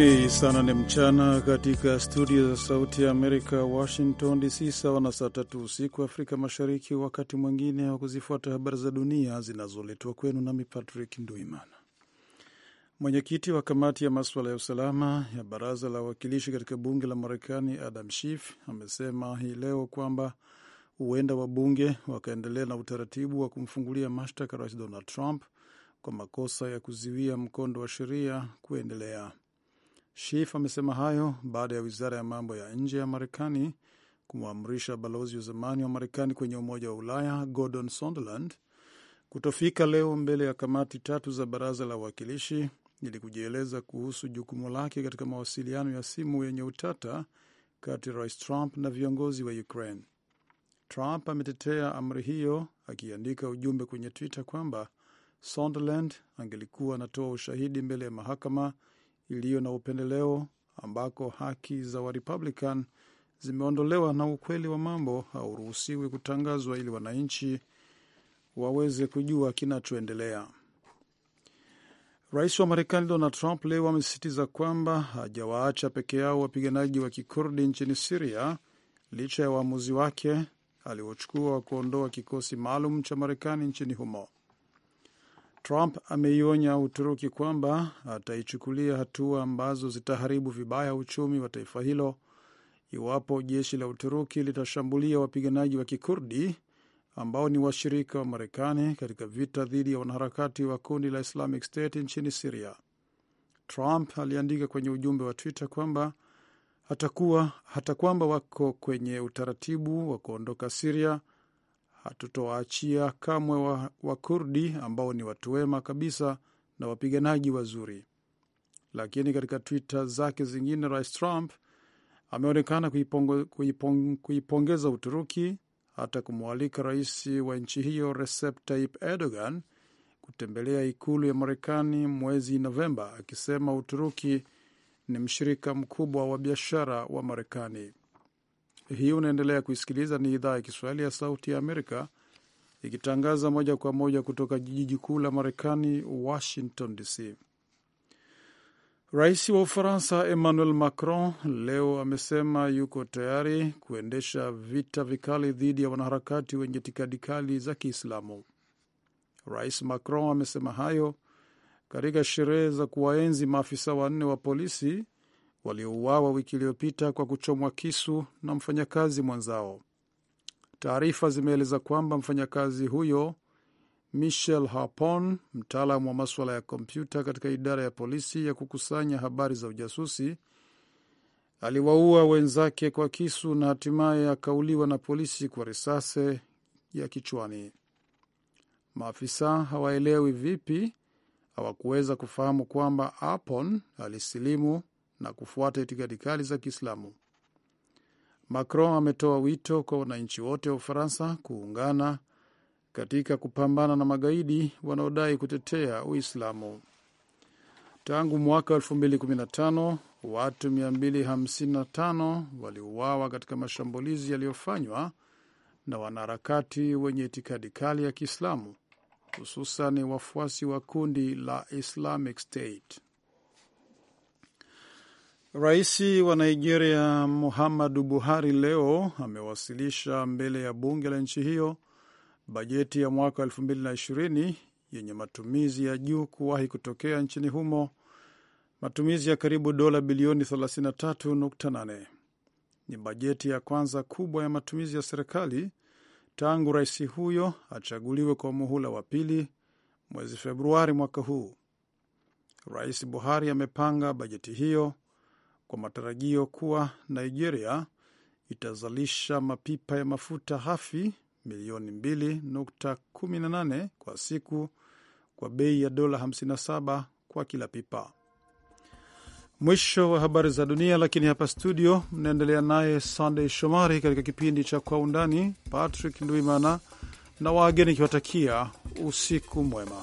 Ni saa nane mchana katika studio za Sauti ya Amerika, Washington DC, sawa na saa tatu usiku Afrika Mashariki. Wakati mwingine wa kuzifuata habari za dunia zinazoletwa kwenu, nami Patrick Nduimana. Mwenyekiti wa kamati ya maswala ya usalama ya baraza la wawakilishi katika bunge la Marekani, Adam shif amesema hii leo kwamba huenda wabunge wakaendelea na utaratibu wa kumfungulia mashtaka Rais Donald Trump kwa makosa ya kuziwia mkondo wa sheria kuendelea. Shif amesema hayo baada ya wizara ya mambo ya nje ya Marekani kumwamrisha balozi wa zamani wa Marekani kwenye Umoja wa Ulaya Gordon Sondland kutofika leo mbele ya kamati tatu za Baraza la Wawakilishi ili kujieleza kuhusu jukumu lake katika mawasiliano ya simu yenye utata kati ya Rais Trump na viongozi wa Ukraine. Trump ametetea amri hiyo akiandika ujumbe kwenye Twitter kwamba Sondland angelikuwa anatoa ushahidi mbele ya mahakama iliyo na upendeleo ambako haki za Warepublican zimeondolewa na ukweli wa mambo hauruhusiwi kutangazwa ili wananchi waweze kujua kinachoendelea. Rais wa Marekani Donald Trump leo amesisitiza kwamba hajawaacha peke yao wapiganaji wa kikurdi nchini Siria licha ya uamuzi wake aliochukua wa kuondoa kikosi maalum cha Marekani nchini humo. Trump ameionya Uturuki kwamba ataichukulia hatua ambazo zitaharibu vibaya uchumi wa taifa hilo iwapo jeshi la Uturuki litashambulia wapiganaji wa Kikurdi ambao ni washirika wa Marekani katika vita dhidi ya wanaharakati wa kundi la Islamic State nchini Siria. Trump aliandika kwenye ujumbe wa Twitter kwamba hatakuwa hata kwamba wako kwenye utaratibu wa kuondoka Siria hatutowaachia kamwe Wakurdi wa ambao ni watu wema kabisa na wapiganaji wazuri. Lakini katika Twitter zake zingine, Rais Trump ameonekana kuipongeza kuipong, kuipongeza Uturuki hata kumwalika rais wa nchi hiyo Recep Tayyip Erdogan kutembelea ikulu ya Marekani mwezi Novemba, akisema Uturuki ni mshirika mkubwa wa biashara wa Marekani hii unaendelea kuisikiliza, ni idhaa ya Kiswahili ya Sauti ya Amerika ikitangaza moja kwa moja kutoka jiji kuu la Marekani, Washington DC. Rais wa Ufaransa Emmanuel Macron leo amesema yuko tayari kuendesha vita vikali dhidi ya wanaharakati wenye itikadi kali za Kiislamu. Rais Macron amesema hayo katika sherehe za kuwaenzi maafisa wanne wa polisi waliouawa wiki iliyopita kwa kuchomwa kisu na mfanyakazi mwenzao. Taarifa zimeeleza kwamba mfanyakazi huyo Michel Harpon, mtaalamu wa maswala ya kompyuta katika idara ya polisi ya kukusanya habari za ujasusi, aliwaua wenzake kwa kisu na hatimaye akauliwa na polisi kwa risasi ya kichwani. Maafisa hawaelewi vipi hawakuweza kufahamu kwamba Harpon alisilimu na kufuata itikadi kali za Kiislamu. Macron ametoa wito kwa wananchi wote wa Ufaransa kuungana katika kupambana na magaidi wanaodai kutetea Uislamu. Tangu mwaka 2015 watu 255 waliuawa katika mashambulizi yaliyofanywa na wanaharakati wenye itikadi kali ya Kiislamu, hususan wafuasi wa kundi la Islamic State. Rais wa Nigeria Muhammadu Buhari leo amewasilisha mbele ya bunge la nchi hiyo bajeti ya mwaka 2020 yenye matumizi ya juu kuwahi kutokea nchini humo, matumizi ya karibu dola bilioni 33.8. Ni bajeti ya kwanza kubwa ya matumizi ya serikali tangu rais huyo achaguliwe kwa muhula wa pili mwezi Februari mwaka huu. Rais Buhari amepanga bajeti hiyo kwa matarajio kuwa Nigeria itazalisha mapipa ya mafuta hafi milioni 2.18 kwa siku kwa bei ya dola 57 kwa kila pipa. Mwisho wa habari za dunia, lakini hapa studio mnaendelea naye sandey Shomari katika kipindi cha Kwa Undani. Patrick Ndwimana na wageni kiwatakia usiku mwema.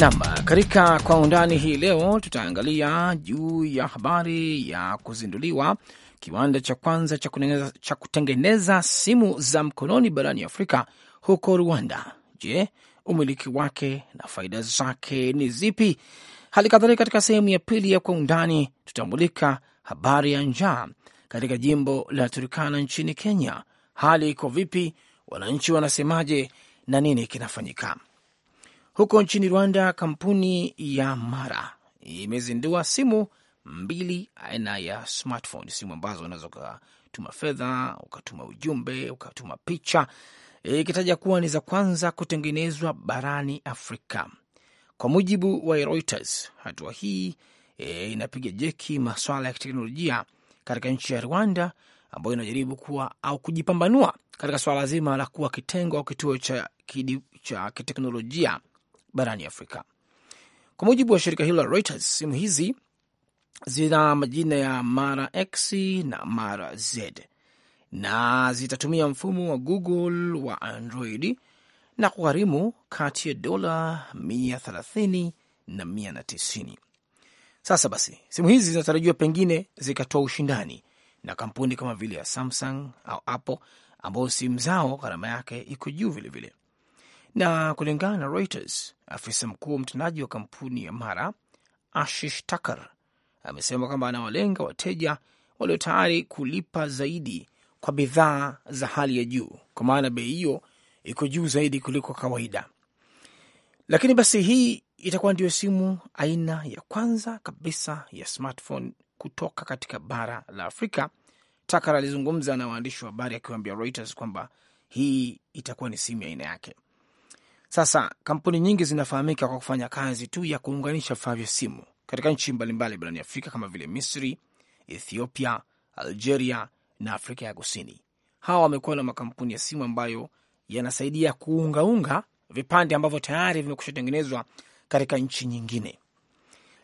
Nam, katika kwa undani hii leo tutaangalia juu ya habari ya kuzinduliwa kiwanda cha kwanza cha kutengeneza, cha kutengeneza simu za mkononi barani Afrika huko Rwanda. Je, umiliki wake na faida zake ni zipi? Hali kadhalika katika sehemu ya pili ya kwa undani tutamulika habari ya njaa katika jimbo la Turkana nchini Kenya. Hali iko vipi? Wananchi wanasemaje na nini kinafanyika? Huko nchini Rwanda, kampuni ya Mara imezindua simu mbili aina ya smartphone, simu ambazo unaweza ukatuma fedha, ukatuma ujumbe, ukatuma picha, ikitaja kuwa ni za kwanza kutengenezwa barani Afrika kwa mujibu wa Reuters. Hatua hii e, inapiga jeki maswala ya teknolojia katika nchi ya Rwanda ambayo inajaribu kuwa au kujipambanua katika swala zima la kuwa kitengo au kituo cha, cha kiteknolojia barani Afrika. Kwa mujibu wa shirika hilo la Reuters, simu hizi zina majina ya Mara X na Mara Z na zitatumia mfumo wa Google wa Android na kugharimu kati ya dola 130 na 190. Sasa basi, simu hizi zinatarajiwa pengine zikatoa ushindani na kampuni kama vile ya Samsung au Apple ambayo simu zao gharama yake iko juu vilevile. Na kulingana na Reuters, afisa mkuu mtendaji wa kampuni ya Mara Ashish Takar amesema kwamba anawalenga wateja walio tayari kulipa zaidi kwa bidhaa za hali ya juu, kwa maana bei hiyo iko juu zaidi kuliko kawaida. Lakini basi hii itakuwa ndiyo simu aina ya kwanza kabisa ya smartphone kutoka katika bara la Afrika. Takar alizungumza na waandishi wa habari akiwaambia Reuters kwamba hii itakuwa ni simu ya aina yake. Sasa kampuni nyingi zinafahamika kwa kufanya kazi tu ya kuunganisha vifaa vya simu katika nchi mbalimbali barani Afrika kama vile Misri, Ethiopia, Algeria na Afrika ya Kusini. Hawa wamekuwa na makampuni ya simu ambayo yanasaidia kuungaunga vipande ambavyo tayari vimekusha tengenezwa katika nchi nyingine,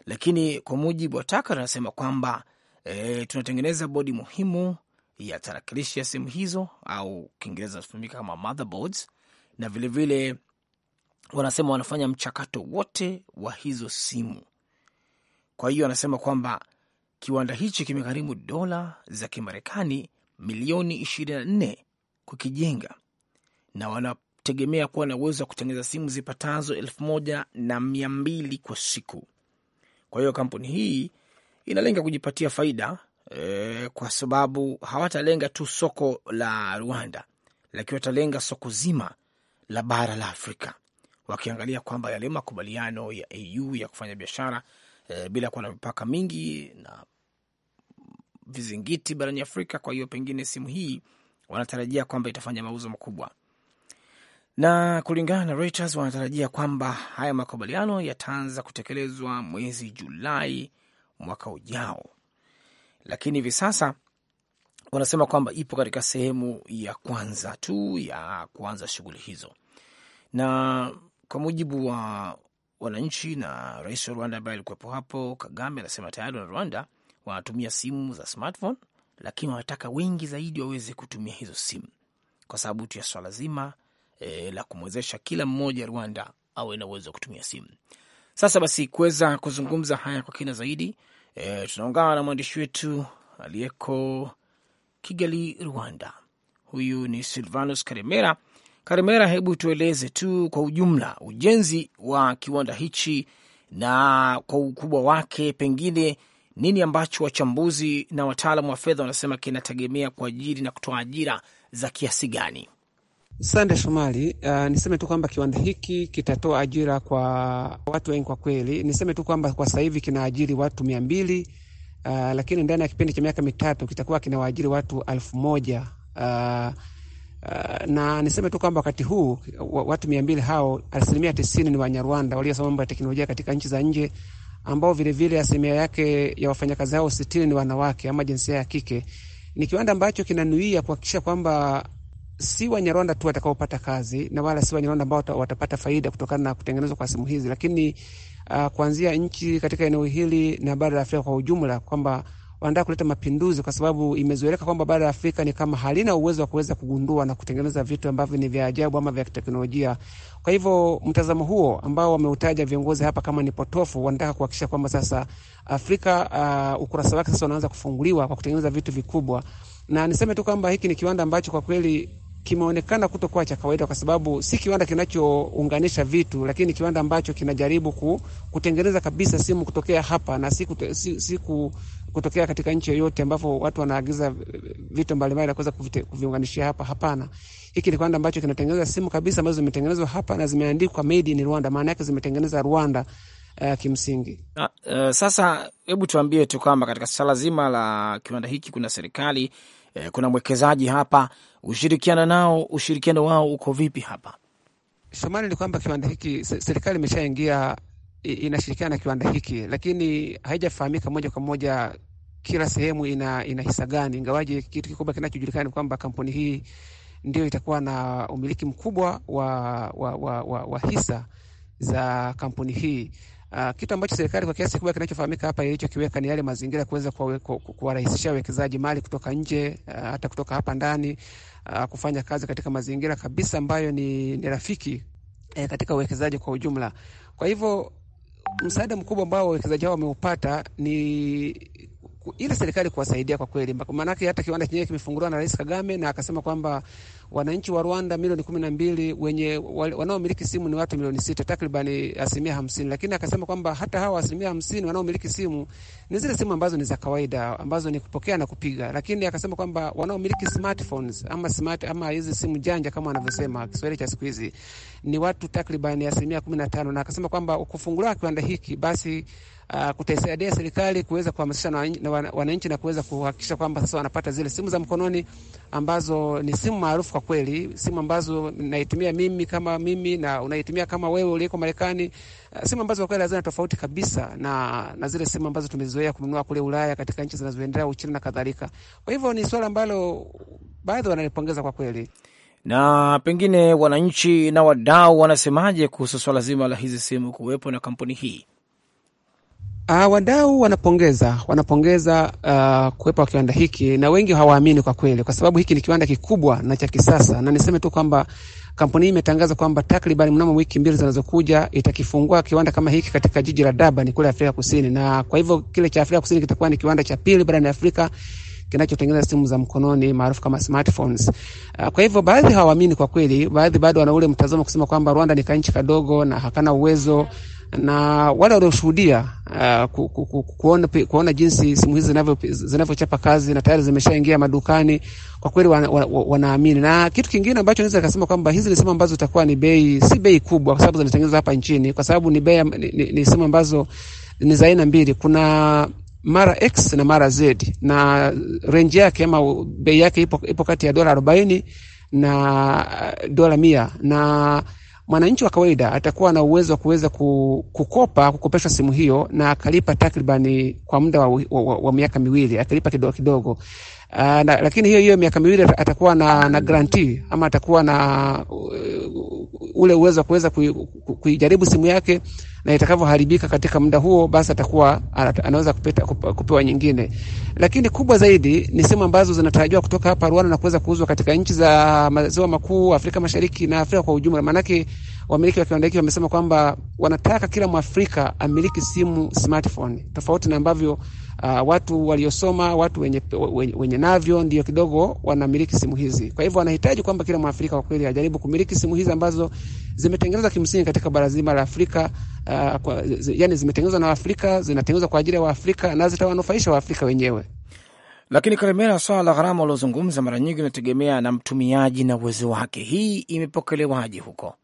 lakini kwa mujibu wa Takar anasema kwamba e, tunatengeneza bodi muhimu ya tarakilishi ya simu hizo au Kiingereza inatumika kama motherboards, na vilevile wanasema wanafanya mchakato wote wa hizo simu. Kwa hiyo anasema kwamba kiwanda hichi kimegharimu dola za Kimarekani milioni 24 kukijenga na wanategemea kuwa na uwezo wa kutengeneza simu zipatazo elfu moja na mia mbili kwa siku. Kwa hiyo kampuni hii inalenga kujipatia faida e, kwa sababu hawatalenga tu soko la Rwanda, lakini watalenga soko zima la bara la Afrika wakiangalia kwamba yale makubaliano ya AU ya kufanya biashara e, bila kuwa na mipaka mingi na vizingiti barani Afrika. Kwa hiyo pengine simu hii wanatarajia kwamba itafanya mauzo makubwa, na kulingana na Reuters wanatarajia kwamba haya makubaliano yataanza kutekelezwa mwezi Julai mwaka ujao, lakini hivi sasa wanasema kwamba ipo katika sehemu ya kwanza tu ya kuanza shughuli hizo, na kwa mujibu wa wananchi na rais wa Rwanda ambaye alikuwepo hapo, Kagame anasema tayari wana Rwanda wanatumia simu za smartphone, lakini wanataka wengi zaidi waweze kutumia hizo simu kwa sababu tu ya swala zima e, la kumwezesha kila mmoja Rwanda awe na uwezo wa kutumia simu. Sasa basi kuweza kuzungumza haya kwa kina zaidi e, tunaungana na mwandishi wetu aliyeko Kigali, Rwanda. Huyu ni Silvanus Karemera Karimera, hebu tueleze tu kwa ujumla ujenzi wa kiwanda hichi na kwa ukubwa wake, pengine nini ambacho wachambuzi na wataalamu wa fedha wanasema kinategemea kuajiri na kutoa ajira za kiasi gani? Sande Shomari. Uh, niseme tu kwamba kiwanda hiki kitatoa ajira kwa watu wengi. Kwa kweli niseme tu kwamba kwa sasa hivi kinaajiri watu mia mbili uh, lakini ndani ya kipindi cha miaka mitatu kitakuwa kinawaajiri watu elfu moja uh, Uh, na niseme tu kwamba wakati huu watu mia mbili hao asilimia tisini ni Wanyarwanda waliosoma mambo ya teknolojia katika nchi za nje ambao vilevile asilimia yake ya wafanyakazi hao sitini ni wanawake ama jinsia ya kike. Ni kiwanda ambacho kinanuia kuhakikisha kwamba si Wanyarwanda tu watakaopata kazi na wala si Wanyarwanda ambao watapata faida kutokana na kutengenezwa kwa simu hizi, lakini uh, kuanzia nchi katika eneo hili na bara la Afrika kwa ujumla kwamba wanataka kuleta mapinduzi, kwa sababu imezoeleka kwamba bara la Afrika ni kama halina uwezo wa kuweza kugundua na kutengeneza vitu ambavyo ni vya ajabu ama vya kiteknolojia. Kwa hivyo mtazamo huo ambao wameutaja viongozi hapa kama ni potofu, wanataka kuhakikisha kwamba sasa Afrika uh, ukurasa wake sasa unaanza kufunguliwa kwa kutengeneza vitu vikubwa, na niseme tu kwamba hiki ni kiwanda ambacho kwa kweli kimeonekana kutokuwa cha kawaida kwa sababu si kiwanda kinachounganisha vitu, lakini kiwanda ambacho kinajaribu ku, kutengeneza kabisa simu kutokea hapa na si, si, si ku, kutokea katika nchi yoyote ambapo watu wanaagiza vitu mbalimbali na kuweza kuviunganishia hapa. Hapana, hiki ni kiwanda ambacho kinatengeneza simu kabisa ambazo zimetengenezwa hapa na zimeandikwa made in Rwanda, maana yake zimetengeneza Rwanda. Uh, kimsingi uh, sasa hebu tuambie tu kwamba katika swala zima la kiwanda hiki kuna serikali eh, kuna mwekezaji hapa, ushirikiano nao, ushirikiano wao uko vipi hapa? Shomari, ni kwamba kiwanda hiki serikali imeshaingia inashirikiana na kiwanda hiki, lakini haijafahamika moja kwa moja kila sehemu ina, ina hisa gani, ingawaje kitu kikubwa kinachojulikana ni kwamba kampuni hii ndio itakuwa na umiliki mkubwa wa, wa, wa, wa, wa hisa za kampuni hii. Uh, kitu ambacho serikali kwa kiasi kikubwa kinachofahamika hapa ilichokiweka ni yale mazingira kuweza kuwarahisishia wawekezaji mali kutoka nje, uh, hata kutoka hapa ndani, uh, kufanya kazi katika mazingira kabisa ambayo ni, ni rafiki eh, katika uwekezaji kwa ujumla. Kwa hivyo msaada mkubwa ambao wawekezaji hao wameupata ni ile serikali kuwasaidia kwa kweli, maanake hata kiwanda chenyewe kimefunguliwa na Rais Kagame na akasema kwamba wananchi wa Rwanda milioni kumi na mbili wenye wanaomiliki simu ni watu milioni sita, takriban asilimia hamsini. Lakini akasema kwamba hata hawa asilimia hamsini wanaomiliki simu ni zile simu ambazo ni za kawaida ambazo ni kupokea na kupiga, lakini akasema kwamba wanaomiliki smartphones ama smart, ama hizi simu janja kama wanavyosema Kiswahili cha siku hizi ni watu takriban asilimia kumi na tano, na akasema kwamba kufungulia kiwanda hiki basi Uh, kutesaidia serikali kuweza kuhamasisha na wananchi na kuweza kuhakikisha kwamba sasa wanapata zile simu za mkononi ambazo ni simu maarufu kwa kweli, simu ambazo naitumia mimi kama mimi na unaitumia kama wewe uliko Marekani, uh, simu ambazo kwa kweli hazina tofauti kabisa na, na zile simu ambazo tumezoea kununua kule Ulaya, katika nchi zinazoendelea, Uchina na kadhalika. Kwa hivyo ni swala ambalo baadhi wanalipongeza kwa kweli na pengine wananchi na wadau wanasemaje kuhusu swala zima la hizi simu kuwepo na kampuni hii? Uh, wadau wanapongeza wanapongeza uh, kuwepo kwa kiwanda hiki, na wengi hawaamini kwa kweli, kwa sababu hiki ni kiwanda kikubwa na cha kisasa, na niseme tu kwamba kampuni hii imetangaza kwamba takriban mnamo wiki mbili zinazokuja itakifungua kiwanda kama hiki katika jiji la Durban kule Afrika Kusini, na kwa hivyo kile cha Afrika Kusini kitakuwa ni kiwanda cha pili barani Afrika kinachotengeneza simu za mkononi maarufu kama smartphones. Ah, kwa hivyo baadhi hawaamini kwa kweli, baadhi bado wana ule mtazamo kusema kwamba Rwanda ni kanchi kadogo na hakana uwezo na wale walioshuhudia uh, ku, ku, ku, kuona, kuona jinsi simu hizi zinavyochapa kazi na tayari zimeshaingia madukani, kwa kweli wanaamini na kitu kingine ambacho naweza nikasema kwamba hizi ni simu ambazo zitakuwa ni bei, si bei kubwa, kwa sababu zinatengenezwa hapa nchini, kwa sababu ni bei ni, ni, ni simu ambazo ni za aina mbili, kuna mara X na mara Z na range yake ama bei yake ipo, ipo kati ya dola arobaini na uh, dola mia na mwananchi wa kawaida atakuwa na uwezo wa kuweza kukopa kukopeshwa simu hiyo na akalipa takribani kwa muda wa, wa, wa, wa miaka miwili akalipa kidogo kidogo Uh, na, lakini hiyo hiyo miaka miwili atakuwa na, na granti ama atakuwa na uh, ule uwezo wa kuweza kuijaribu simu yake na itakavyoharibika katika muda huo, basi atakuwa anaweza kupeta, kupewa nyingine. Lakini kubwa zaidi ni simu ambazo zinatarajiwa kutoka hapa Rwanda na kuweza kuuzwa katika nchi za maziwa makuu, Afrika Mashariki na Afrika kwa ujumla. Maanake wamiliki wa kiwanda hiki wamesema kwamba wanataka kila Mwafrika amiliki simu smartphone, tofauti na ambavyo uh, watu waliosoma, watu wenye, wenye, wenye navyo ndio kidogo wanamiliki simu hizi. Kwa hivyo wanahitaji kwamba kila Mwafrika kwa kweli ajaribu kumiliki simu hizi ambazo zimetengenezwa kimsingi katika bara zima la Afrika uh, kwa, zi, yani zimetengenezwa na Waafrika, zinatengenezwa kwa ajili ya Waafrika na zitawanufaisha Waafrika wenyewe. Lakini Karimera, swala la gharama uliozungumza mara nyingi inategemea na mtumiaji na uwezo wake. Hii imepokelewaje huko?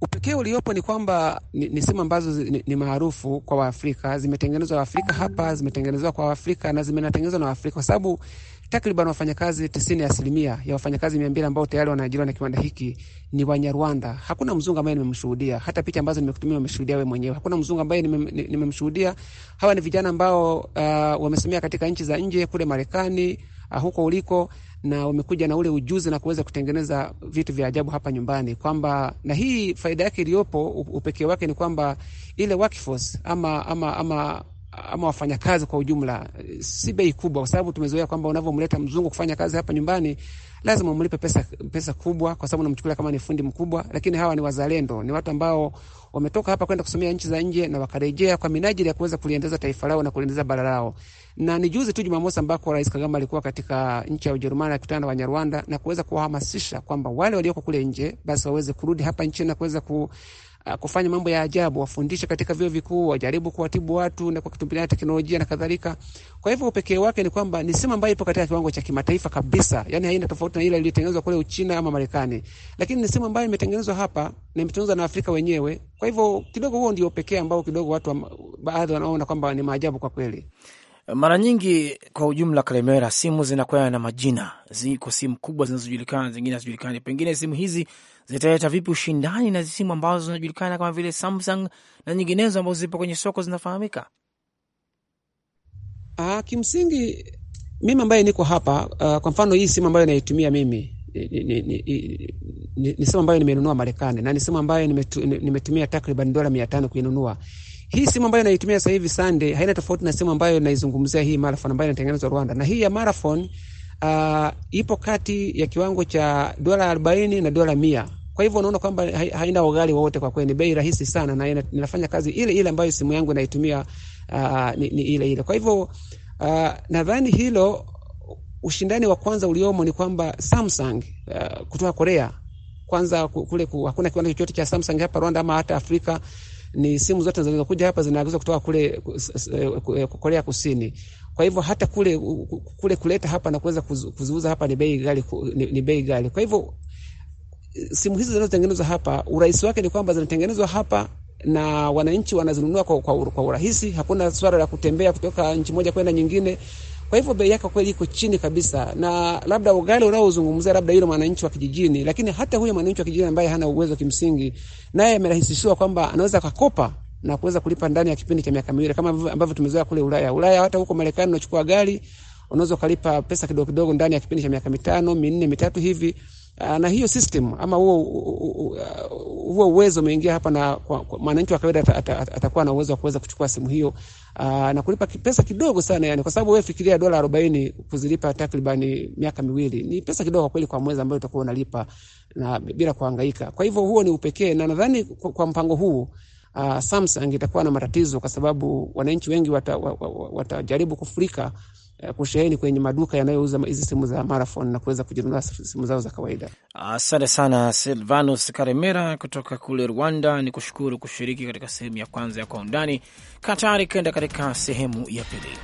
Upekee uliopo ni kwamba ni, ni simu ambazo zi, ni, ni maarufu kwa Waafrika, zimetengenezwa Waafrika hapa, zimetengenezwa kwa Waafrika na zimetengenezwa na Waafrika kwa sababu takriban wafanyakazi tisini asilimia ya wafanyakazi mia mbili ambao tayari wanaajiriwa na kiwanda hiki ni Wanyarwanda. Hakuna mzungu ambaye nimemshuhudia, hata picha ambazo nimekutumia wameshuhudia wewe mwenyewe. Hakuna mzungu ambaye nimemshuhudia. Hawa ni vijana ambao uh, wamesomea katika nchi za nje kule Marekani, uh, huko uliko na wamekuja na ule ujuzi na kuweza kutengeneza vitu vya ajabu hapa nyumbani, kwamba na hii faida yake iliyopo upekee wake ni kwamba ile workforce ama ama ama ama wafanyakazi kwa ujumla si bei kubwa, kwa sababu tumezoea kwamba unavyomleta mzungu kufanya kazi hapa nyumbani lazima umlipe pesa, pesa kubwa, kwa sababu unamchukulia kama ni fundi mkubwa. Lakini hawa ni wazalendo, ni watu ambao wametoka hapa kwenda kusomea nchi za nje na wakarejea kwa minajili ya kuweza kuliendeza taifa lao na kuliendeza bara lao. Na ni juzi tu Jumamosi ambako Rais Kagame alikuwa katika nchi ya Ujerumani akutana na Wanyarwanda na kuweza kuwahamasisha kwamba wale walioko kule nje basi waweze kurudi hapa nchini na kuweza ku Uh, kufanya mambo ya ajabu, wafundishe katika vyuo vikuu, wajaribu kuwatibu watu na kwa kutumia teknolojia na kadhalika. Kwa hivyo upekee wake ni kwamba ni simu ambayo ipo katika kiwango cha kimataifa kabisa, yani haina tofauti na ile iliyotengenezwa kule Uchina ama Marekani, lakini ni simu ambayo imetengenezwa hapa na imetengenezwa na Afrika wenyewe. Kwa hivyo kidogo huo ndio pekee ambao kidogo watu baadhi wanaona kwamba ni maajabu kwa kweli. Mara nyingi kwa ujumla, Kalemera, simu zinakwenda na majina, ziko simu kubwa zinazojulikana, zingine hazijulikani. Pengine simu hizi zitaleta vipi ushindani na simu ambazo zinajulikana kama vile Samsung na nyinginezo ambazo zipo kwenye soko zinafahamika? Ah, kimsingi mimi ambaye niko hapa uh, kwa mfano hii simu ambayo naitumia mimi ni, ni, ni, ni, ni simu ambayo nimenunua Marekani na ni simu ambayo nimetu, nimetumia takriban dola mia tano kuinunua. Hii simu ambayo naitumia sasa hivi Sunday haina tofauti na simu ambayo naizungumzia hii marathon ambayo inatengenezwa Rwanda, na hii ya marathon uh, ipo kati ya kiwango cha dola 40 na dola mia. Kwa hivyo unaona kwamba haina ughali wowote, kwa kweli bei rahisi sana, na inafanya kazi ile ile ambayo simu yangu naitumia uh, ni, ni ile ile. Kwa hivyo uh, nadhani hilo ushindani wa kwanza uliomo ni kwamba Samsung uh, kutoka Korea kwanza kule ku, hakuna kiwanda chochote cha Samsung hapa Rwanda ama hata Afrika ni simu zote zinazokuja hapa zinaagizwa kutoka kule eh, eh, Korea Kusini. Kwa hivyo hata kule kule kuleta hapa na kuweza kuziuza hapa ni bei ghali, ni, ni bei ghali. Kwa hivyo simu hizi zinazotengenezwa hapa, urahisi wake ni kwamba zinatengenezwa hapa na wananchi wanazinunua kwa, kwa, kwa urahisi. Hakuna swala la kutembea kutoka nchi moja kwenda nyingine. Kwa hivyo bei yake kweli iko chini kabisa, na labda ugali unaozungumzia labda yule mwananchi wa kijijini, lakini hata huyo mwananchi wa kijijini ambaye hana uwezo kimsingi, naye amerahisishiwa kwamba anaweza kakopa na kuweza kulipa ndani ya kipindi cha miaka miwili kama ambavyo tumezoea kule Ulaya. Ulaya hata huko Marekani unachukua gari unaweza ukalipa pesa kidogo kidogo ndani ya kipindi cha miaka mitano minne mitatu hivi. Ah, na hiyo system ama huo huo uwezo umeingia hapa, na mwananchi wa kawaida atakuwa na uwezo wa kuweza kuchukua simu hiyo Ah, na kulipa pesa kidogo sana yani, kwa sababu wewe fikiria dola 40 kuzilipa takriban miaka miwili ni pesa kidogo kwa kweli kwa mwezi ambayo utakuwa unalipa na bila kuhangaika. Kwa hivyo huo ni upekee, na nadhani kwa, mpango huu Uh, Samsung itakuwa na matatizo kwa sababu wananchi wengi watajaribu wata, wata kufurika Eh, kusheheni kwenye maduka yanayouza hizi simu za Marathon na kuweza kujinunua simu zao za kawaida. Asante sana Silvanus Karemera kutoka kule Rwanda, ni kushukuru kushiriki katika sehemu ya kwanza ya Kwa Undani. Katari kenda katika sehemu ya pili.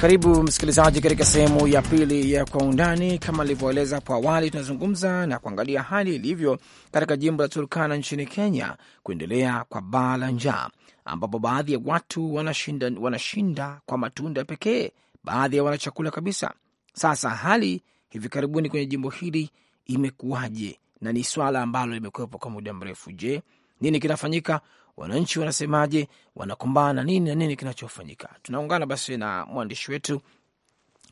Karibu msikilizaji, katika sehemu ya pili ya kwa undani. Kama ilivyoeleza hapo awali, tunazungumza na kuangalia hali ilivyo katika jimbo la Turkana nchini Kenya, kuendelea kwa baa la njaa, ambapo baadhi ya watu wanashinda, wanashinda kwa matunda pekee, baadhi ya wanachakula kabisa. Sasa hali hivi karibuni kwenye jimbo hili imekuwaje? Na ni swala ambalo limekuwepo kwa muda mrefu. Je, nini kinafanyika wananchi wanasemaje, wanakumbana na nini na nini kinachofanyika. Tunaungana basi na mwandishi wetu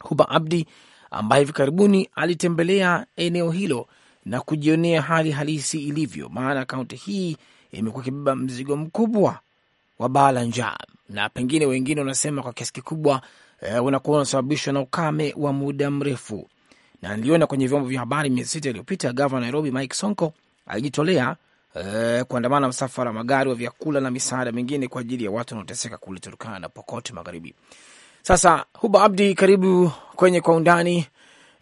Huba Abdi ambaye hivi karibuni alitembelea eneo hilo na kujionea hali halisi ilivyo, maana kaunti hii imekuwa ikibeba mzigo mkubwa wa baa la njaa, na pengine wengine wanasema kwa kiasi kikubwa e, unakuwa unasababishwa na ukame wa muda mrefu. Na niliona kwenye vyombo vya habari miezi sita iliyopita, gavana Nairobi Mike Sonko alijitolea Eh, kuandamana msafara magari wa vyakula na misaada mingine kwa ajili ya watu wanaoteseka kule Turkana na Pokoti Magharibi. Sasa Huba Abdi, karibu kwenye kwa undani.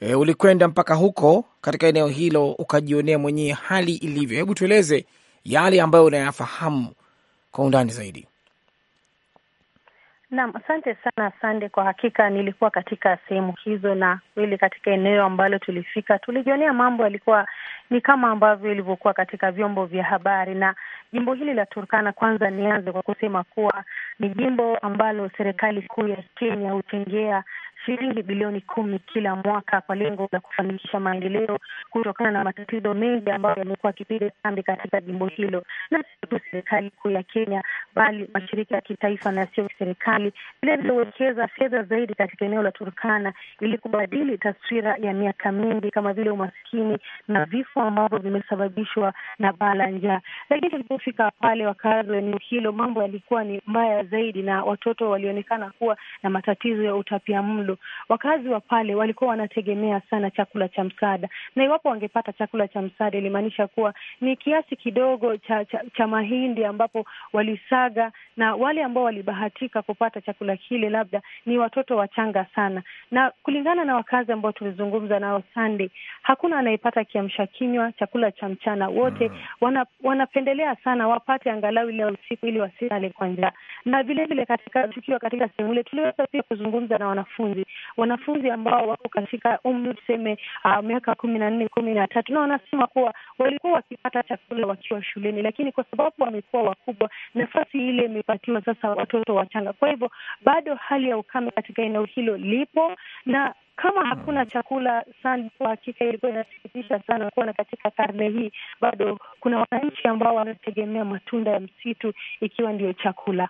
E, ulikwenda mpaka huko katika eneo hilo ukajionea mwenyewe hali ilivyo. Hebu tueleze yale ambayo unayafahamu kwa undani zaidi. Naam, asante sana Sande. Kwa hakika nilikuwa katika sehemu hizo, na kweli katika eneo ambalo tulifika tulijionea mambo yalikuwa ni kama ambavyo ilivyokuwa katika vyombo vya habari. Na jimbo hili la Turkana, kwanza nianze kwa kusema kuwa ni jimbo ambalo serikali kuu ya Kenya hutengea shilingi bilioni kumi kila mwaka kwa lengo la kufanikisha maendeleo kutokana na matatizo mengi ambayo yamekuwa yakipiga kambi katika jimbo hilo, na sio tu serikali kuu ya Kenya bali mashirika ya kitaifa na sio serikali vilevile huwekeza fedha zaidi katika eneo la Turkana ili kubadili taswira ya miaka mingi kama vile umasikini umaskini na vifo ambavyo vimesababishwa na baa la njaa. Lakini tulipofika pale, wakazi wa eneo hilo, mambo yalikuwa ni mbaya zaidi, na watoto walionekana kuwa na matatizo ya utapia mlo. Wakazi wa pale walikuwa wanategemea sana chakula cha msaada, na iwapo wangepata chakula cha msaada, ilimaanisha kuwa ni kiasi kidogo cha, cha, cha mahindi ambapo walisaga na wale ambao walibahatika kupata chakula kile labda ni watoto wachanga sana, na kulingana na wakazi ambao tulizungumza nao Sunday, hakuna anayepata kiamsha kinywa, chakula cha mchana. Wote mm. wana, wanapendelea sana wapate angalau ile usiku ili wasilale kwa njaa. Na vilevile katika tukiwa katika sehemu ile tuliweza pia kuzungumza na wanafunzi, wanafunzi ambao wako katika umri tuseme uh, miaka kumi na nne kumi na tatu na wanasema kuwa walikuwa wakipata chakula wakiwa shuleni, lakini kwa sababu wamekuwa wakubwa nafasi ile walipatiwa sasa watoto wachanga. Kwa hivyo bado hali ya ukame katika eneo hilo lipo na kama hakuna chakula sana, kwa hakika ilikuwa inasikitisha sana kuona katika karne hii bado kuna wananchi ambao wanategemea matunda ya msitu ikiwa ndiyo chakula.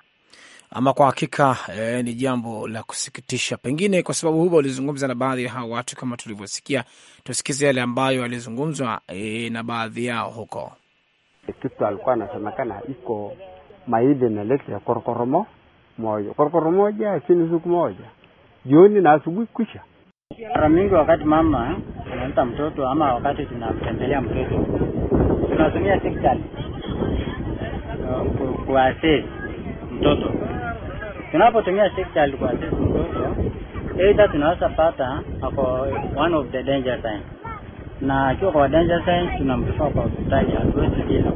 Ama kwa hakika eh, ni jambo la kusikitisha. Pengine kwa sababu huba ulizungumza na baadhi ya hawa watu, kama tulivyosikia, tusikize yale ambayo alizungumzwa eh, na baadhi yao huko. Kitu alikuwa anasemekana iko maili ya korokoromo moja, korokoro moja chini siku moja, jioni na asubuhi kisha. Mara mingi wakati mama anampa mtoto ama wakati tunamtembelea mtoto tunatumia sextal uh, kuassess mtoto. Tunapotumia sextal kuassess mtoto, aidha tunaweza pata ako one of the danger signs, na akiwa kwa danger signs tunamtoa kwa hospitali, hatuwezi bila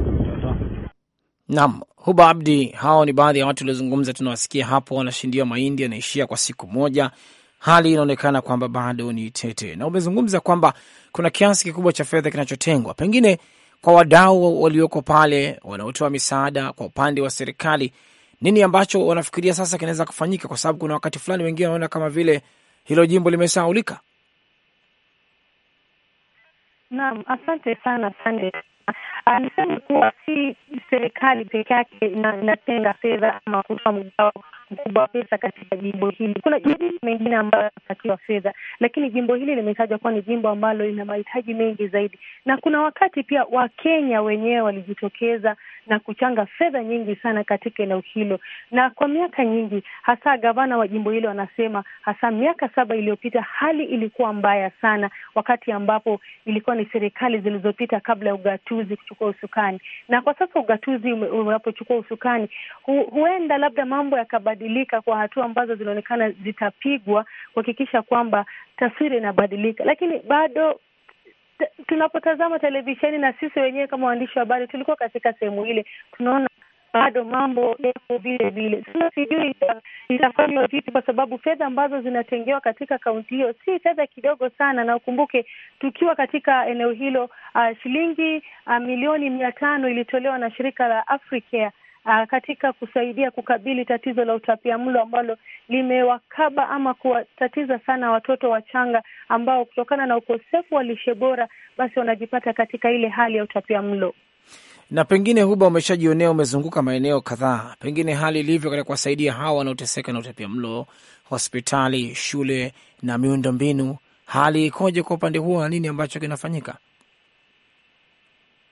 nam Huba Abdi, hao ni baadhi ya watu waliozungumza, tunawasikia hapo, wanashindiwa mahindi yanaishia kwa siku moja. Hali inaonekana kwamba bado ni tete, na umezungumza kwamba kuna kiasi kikubwa cha fedha kinachotengwa pengine kwa wadau walioko pale wanaotoa misaada kwa upande wa serikali. Nini ambacho wanafikiria sasa kinaweza kufanyika? Kwa sababu kuna wakati fulani wengine wanaona kama vile hilo jimbo limesaulika. Naam, asante sana Sande. Alisema kuwa si serikali peke yake inatenga fedha ama kutoa mgao mkubwa wa pesa katika jimbo hili. Kuna jimbo mengine ambayo yanapatiwa fedha, lakini jimbo hili limetajwa kuwa ni jimbo ambalo lina mahitaji mengi zaidi, na kuna wakati pia Wakenya wenyewe walijitokeza na kuchanga fedha nyingi sana katika eneo hilo, na kwa miaka nyingi, hasa gavana wa jimbo hilo wanasema, hasa miaka saba iliyopita hali ilikuwa mbaya sana, wakati ambapo ilikuwa ni serikali zilizopita kabla ya ugatuzi kuchukua usukani, na kwa sasa ugatuzi unapochukua usukani hu, huenda labda mambo yakabadilika kubadilika kwa hatua ambazo zinaonekana zitapigwa kuhakikisha kwamba taswira inabadilika, lakini bado tunapotazama televisheni na sisi wenyewe kama waandishi wa habari tulikuwa katika sehemu ile, tunaona bado mambo yako vile vile. Sasa sijui uh, itafanywa vipi, kwa sababu fedha ambazo zinatengewa katika kaunti hiyo si fedha kidogo sana, na ukumbuke tukiwa katika eneo hilo uh, shilingi uh, milioni mia tano ilitolewa na shirika la Africare uh, katika kusaidia kukabili tatizo la utapia mlo ambalo limewakaba ama kuwatatiza sana watoto wachanga ambao kutokana na ukosefu wa lishe bora basi wanajipata katika ile hali ya utapia mlo na pengine Huba, umeshajionea umezunguka maeneo kadhaa, pengine hali ilivyo katika kuwasaidia hawa wanaoteseka na utapia mlo, hospitali, shule na miundo mbinu, hali ikoje kwa upande huo na nini ambacho kinafanyika?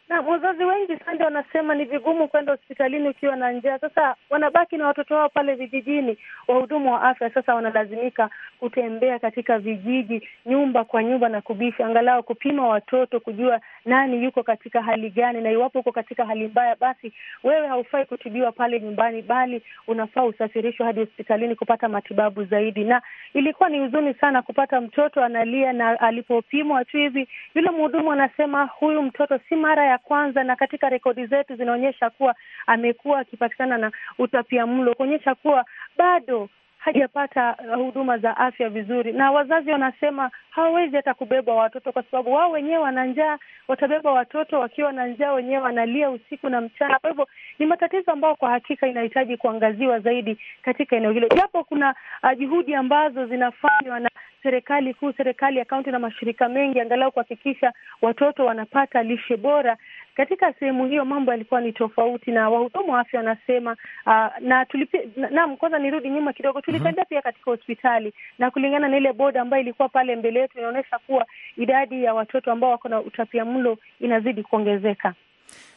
na wazazi wengi sasa wanasema ni vigumu kwenda hospitalini ukiwa na njaa. Sasa wanabaki na watoto wao pale vijijini. Wahudumu wa afya sasa wanalazimika kutembea katika vijiji, nyumba kwa nyumba, na kubisha, angalau kupima watoto, kujua nani yuko katika hali gani, na iwapo uko katika hali mbaya, basi wewe haufai kutibiwa pale nyumbani, bali unafaa usafirishwa hadi hospitalini kupata matibabu zaidi. Na ilikuwa ni huzuni sana kupata mtoto analia, na alipopimwa tu hivi, yule mhudumu anasema huyu mtoto si mara ya kwanza, na katika rekodi zetu zinaonyesha kuwa amekuwa akipatikana na utapia mlo, kuonyesha kuwa bado hajapata uh, huduma za afya vizuri, na wazazi wanasema hawawezi hata kubeba watoto kwa sababu wao wenyewe wana njaa. Watabeba watoto wakiwa na njaa, wenyewe wanalia usiku na mchana. Kwa hivyo ni matatizo ambayo kwa hakika inahitaji kuangaziwa zaidi katika eneo hilo, japo kuna uh, juhudi ambazo zinafanywa na serikali kuu, serikali ya kaunti na mashirika mengi, angalau kuhakikisha watoto wanapata lishe bora katika sehemu hiyo mambo yalikuwa ni tofauti, na wahudumu wa afya wanasema uh, na tulipi, na kwanza nirudi nyuma kidogo, tulitembea mhm. pia katika hospitali na kulingana na ile boda ambayo ilikuwa pale mbele yetu inaonyesha kuwa idadi ya watoto ambao wako na utapia mlo inazidi kuongezeka.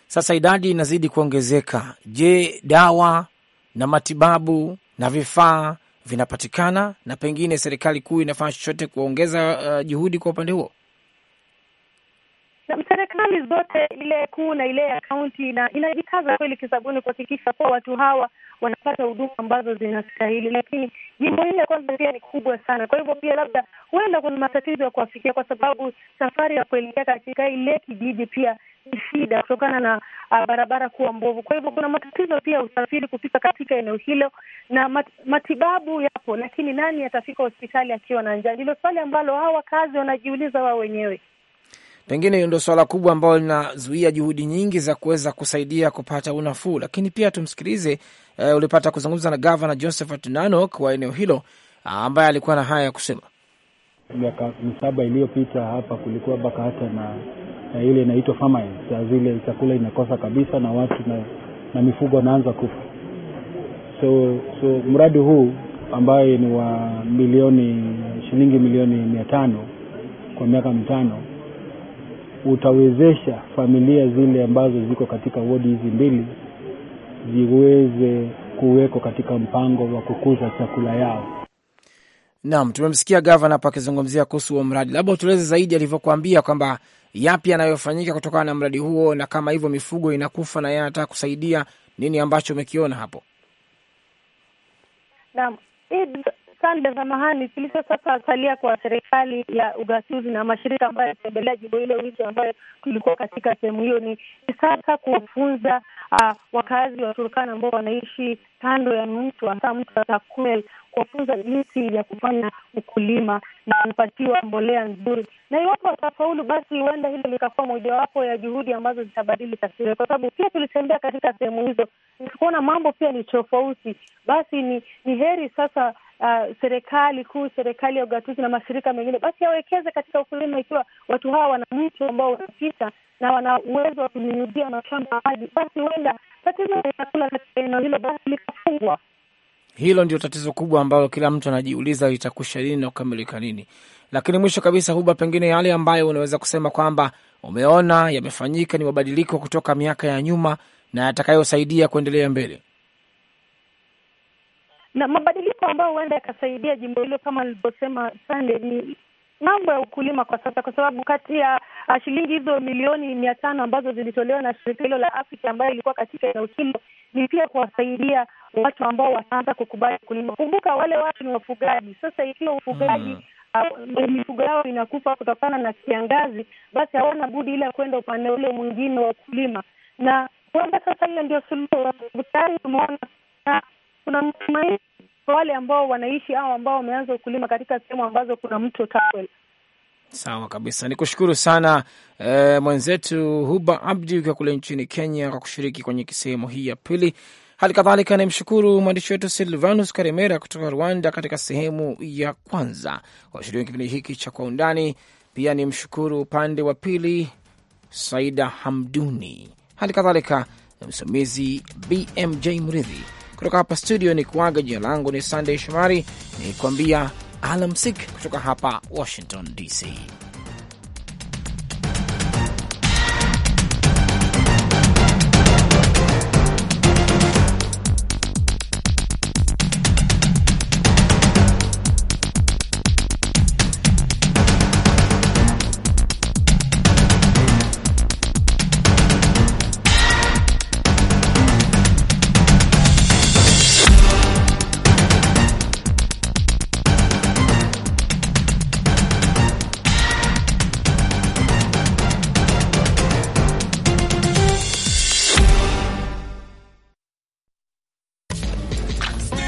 Sasa idadi inazidi kuongezeka. Je, dawa na matibabu na vifaa vinapatikana, na pengine serikali kuu inafanya chochote kuongeza uh, juhudi kwa upande huo? na serikali zote ile kuu na ile ya kaunti na inajikaza kweli kisabuni kuhakikisha kuwa watu hawa wanapata huduma ambazo zinastahili, lakini jimbo hili kwanza pia ni kubwa sana. Kwa hivyo pia labda huenda kuna matatizo ya kuwafikia, kwa sababu safari ya kuelekea katika ile kijiji pia ni shida kutokana na uh, barabara kuwa mbovu. Kwa hivyo kuna matatizo pia ya usafiri kufika katika eneo hilo, na mat, matibabu yapo, lakini nani atafika hospitali akiwa na njaa? Ndilo swali ambalo hawa wakazi wanajiuliza wao wenyewe. Pengine hiyo ndio swala kubwa ambayo linazuia juhudi nyingi za kuweza kusaidia kupata unafuu. Lakini pia tumsikilize, uh, ulipata kuzungumza na gavana Josephat Nanok wa eneo hilo ambaye alikuwa na haya ya kusema. Miaka saba iliyopita hapa kulikuwa mpaka hata na, na ile inaitwa famine, saa zile chakula inakosa kabisa na watu na, na mifugo wanaanza kufa. So, so mradi huu ambaye ni wa milioni shilingi milioni mia tano kwa miaka mitano utawezesha familia zile ambazo ziko katika wodi hizi mbili ziweze kuwekwa katika mpango wa kukuza chakula yao. Naam, tumemsikia gavana hapa akizungumzia kuhusu huo mradi. Labda utueleze zaidi alivyokuambia kwamba yapi yanayofanyika kutokana na mradi huo, na kama hivyo mifugo inakufa na yeye anataka kusaidia, nini ambacho umekiona hapo? Naam, sande za mahani kilicho sasa salia kwa serikali ya ugatuzi na mashirika ambayo yalitembelea jimbo hilo wiki ambayo tulikuwa katika sehemu hiyo ni sasa kuwafunza uh, ah, wakazi wa Turkana ambao wanaishi kando ya mtu hasa mtu wa Takwel kuwafunza jinsi ya kufanya ukulima na wanapatiwa mbolea nzuri, na iwapo watafaulu, basi huenda hilo likakuwa mojawapo ya juhudi ambazo zitabadili taswira, kwa sababu pia tulitembea katika sehemu hizo, kuona mambo pia ni tofauti. Basi ni, ni heri sasa uh, serikali kuu, serikali ya ugatuzi na mashirika mengine, basi yawekeze katika ukulima. Ikiwa watu hawa wana mtu ambao unapita na wana uwezo wa kunyunyuzia mashamba maji, basi huenda tatizo la chakula katika eneo hilo basi likafungwa. Hilo ndio tatizo kubwa ambalo kila mtu anajiuliza litakwisha lini na kukamilika lini. Lakini mwisho kabisa, Huba, pengine yale ambayo unaweza kusema kwamba umeona yamefanyika ni mabadiliko kutoka miaka ya nyuma na yatakayosaidia kuendelea mbele na mabadiliko ambayo huenda yakasaidia jimbo hilo kama alivyosema Sande ni mambo ya ukulima kwa sasa, kwa sababu kati ya ah, shilingi hizo milioni mia tano ambazo zilitolewa na shirika hilo la Afrika ambayo ilikuwa katika eneo hilo ni pia kuwasaidia watu ambao wataanza kukubali kulima. Kumbuka wale watu ni wafugaji. Sasa ikiwa ufugaji mm. Uh, mifugo yao inakufa kutokana na kiangazi, basi hawana budi ila kwenda upande ule mwingine wa ukulima, na huenda sasa hiyo ndio suluhu. Tayari tumeona kuna wale ambao wanaishi au ambao wameanza kulima katika sehemu ambazo kuna mto Tawel. Sawa kabisa, ni kushukuru sana e, mwenzetu Huba Abdi ukiwa kule nchini Kenya kwa kushiriki kwenye sehemu hii ya pili. Hali kadhalika nimshukuru mwandishi wetu Silvanus Karimera kutoka Rwanda katika sehemu ya kwanza washiriki kipindi hiki cha Kwa Undani. Pia ni mshukuru upande wa pili Saida Hamduni, hali kadhalika msimamizi BMJ Mridhi. Kutoka hapa studio ni kuaga. Jina langu ni Sandey Shomari, kuambia alamsik kutoka hapa Washington DC.